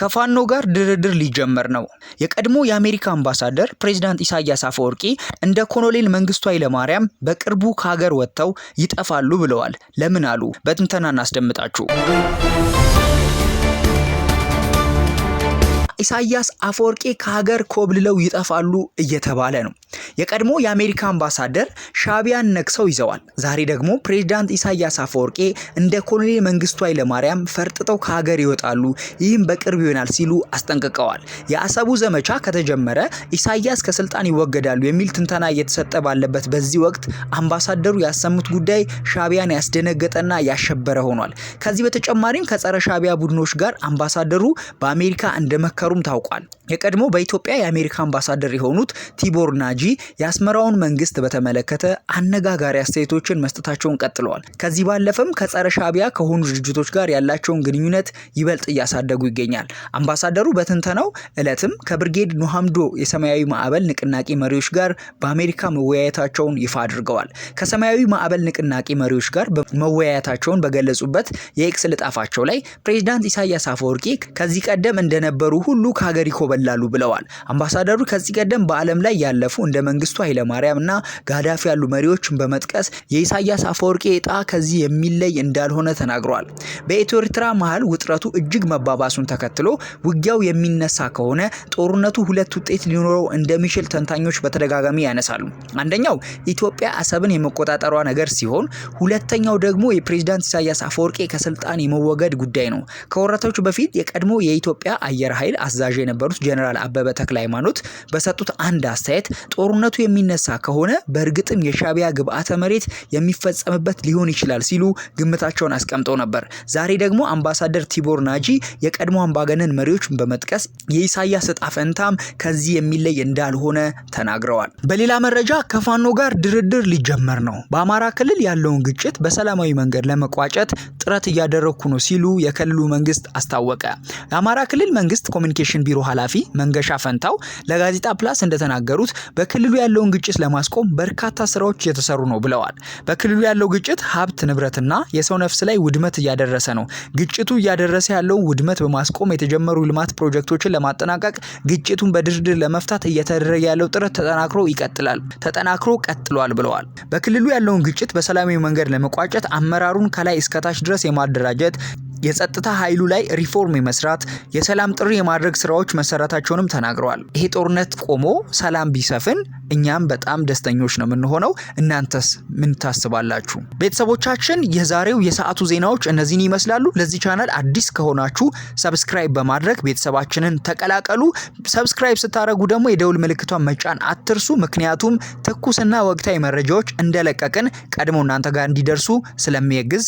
ከፋኖ ጋር ድርድር ሊጀመር ነው። የቀድሞ የአሜሪካ አምባሳደር ፕሬዚዳንት ኢሳያስ አፈወርቂ እንደ ኮሎኔል መንግስቱ ኃይለማርያም በቅርቡ ከሀገር ወጥተው ይጠፋሉ ብለዋል። ለምን አሉ? በትንተና እናስደምጣችሁ። ኢሳያስ አፈወርቂ ከሀገር ኮብልለው ይጠፋሉ እየተባለ ነው። የቀድሞ የአሜሪካ አምባሳደር ሻቢያን ነክሰው ይዘዋል። ዛሬ ደግሞ ፕሬዝዳንት ኢሳያስ አፈወርቄ እንደ ኮሎኔል መንግስቱ ኃይለማርያም ፈርጥጠው ከሀገር ይወጣሉ፣ ይህም በቅርብ ይሆናል ሲሉ አስጠንቅቀዋል። የአሰቡ ዘመቻ ከተጀመረ ኢሳያስ ከስልጣን ይወገዳሉ የሚል ትንተና እየተሰጠ ባለበት በዚህ ወቅት አምባሳደሩ ያሰሙት ጉዳይ ሻቢያን ያስደነገጠና ያሸበረ ሆኗል። ከዚህ በተጨማሪም ከጸረ ሻቢያ ቡድኖች ጋር አምባሳደሩ በአሜሪካ እንደመከሩም ታውቋል። የቀድሞ በኢትዮጵያ የአሜሪካ አምባሳደር የሆኑት ቲቦር ናጂ የአስመራውን መንግስት በተመለከተ አነጋጋሪ አስተያየቶችን መስጠታቸውን ቀጥለዋል። ከዚህ ባለፈም ከጸረ ሻቢያ ከሆኑ ድርጅቶች ጋር ያላቸውን ግንኙነት ይበልጥ እያሳደጉ ይገኛል። አምባሳደሩ በትንተናው እለትም ከብርጌድ ኑሃምዶ የሰማያዊ ማዕበል ንቅናቄ መሪዎች ጋር በአሜሪካ መወያየታቸውን ይፋ አድርገዋል። ከሰማያዊ ማዕበል ንቅናቄ መሪዎች ጋር መወያየታቸውን በገለጹበት የኤክስ ልጣፋቸው ላይ ፕሬዚዳንት ኢሳያስ አፈወርቂ ከዚህ ቀደም እንደነበሩ ሁሉ ከሀገሪኮ ይበላሉ ብለዋል። አምባሳደሩ ከዚህ ቀደም በዓለም ላይ ያለፉ እንደ መንግስቱ ኃይለማርያም እና ጋዳፊ ያሉ መሪዎችን በመጥቀስ የኢሳያስ አፈወርቂ እጣ ከዚህ የሚለይ እንዳልሆነ ተናግሯል። በኢትዮ ኤርትራ መሀል ውጥረቱ እጅግ መባባሱን ተከትሎ ውጊያው የሚነሳ ከሆነ ጦርነቱ ሁለት ውጤት ሊኖረው እንደሚችል ተንታኞች በተደጋጋሚ ያነሳሉ። አንደኛው ኢትዮጵያ አሰብን የመቆጣጠሯ ነገር ሲሆን፣ ሁለተኛው ደግሞ የፕሬዝዳንት ኢሳያስ አፈወርቂ ከስልጣን የመወገድ ጉዳይ ነው። ከወራቶች በፊት የቀድሞ የኢትዮጵያ አየር ኃይል አዛዥ የነበሩት ጀኔራል አበበ ተክለ ሃይማኖት በሰጡት አንድ አስተያየት ጦርነቱ የሚነሳ ከሆነ በእርግጥም የሻቢያ ግብአተ መሬት የሚፈጸምበት ሊሆን ይችላል ሲሉ ግምታቸውን አስቀምጠው ነበር። ዛሬ ደግሞ አምባሳደር ቲቦር ናጂ የቀድሞ አምባገነን መሪዎችን በመጥቀስ የኢሳያስ እጣ ፈንታም ከዚህ የሚለይ እንዳልሆነ ተናግረዋል። በሌላ መረጃ ከፋኖ ጋር ድርድር ሊጀመር ነው፣ በአማራ ክልል ያለውን ግጭት በሰላማዊ መንገድ ለመቋጨት ጥረት እያደረግኩ ነው ሲሉ የክልሉ መንግስት አስታወቀ። የአማራ ክልል መንግስት ኮሚኒኬሽን ቢሮ ኃላፊ ኃላፊ መንገሻ ፈንታው ለጋዜጣ ፕላስ እንደተናገሩት በክልሉ ያለውን ግጭት ለማስቆም በርካታ ስራዎች እየተሰሩ ነው ብለዋል። በክልሉ ያለው ግጭት ሀብት ንብረትና የሰው ነፍስ ላይ ውድመት እያደረሰ ነው። ግጭቱ እያደረሰ ያለውን ውድመት በማስቆም የተጀመሩ ልማት ፕሮጀክቶችን ለማጠናቀቅ ግጭቱን በድርድር ለመፍታት እየተደረገ ያለው ጥረት ተጠናክሮ ይቀጥላል ተጠናክሮ ቀጥሏል ብለዋል። በክልሉ ያለውን ግጭት በሰላማዊ መንገድ ለመቋጨት አመራሩን ከላይ እስከታች ድረስ የማደራጀት የጸጥታ ኃይሉ ላይ ሪፎርም የመስራት የሰላም ጥሪ የማድረግ ስራዎች መሰራታቸውንም ተናግረዋል። ይሄ ጦርነት ቆሞ ሰላም ቢሰፍን እኛም በጣም ደስተኞች ነው የምንሆነው። እናንተስ ምን ታስባላችሁ? ቤተሰቦቻችን፣ የዛሬው የሰዓቱ ዜናዎች እነዚህን ይመስላሉ። ለዚህ ቻናል አዲስ ከሆናችሁ ሰብስክራይብ በማድረግ ቤተሰባችንን ተቀላቀሉ። ሰብስክራይብ ስታደረጉ ደግሞ የደውል ምልክቷን መጫን አትርሱ። ምክንያቱም ትኩስና ወቅታዊ መረጃዎች እንደለቀቅን ቀድሞ እናንተ ጋር እንዲደርሱ ስለሚያግዝ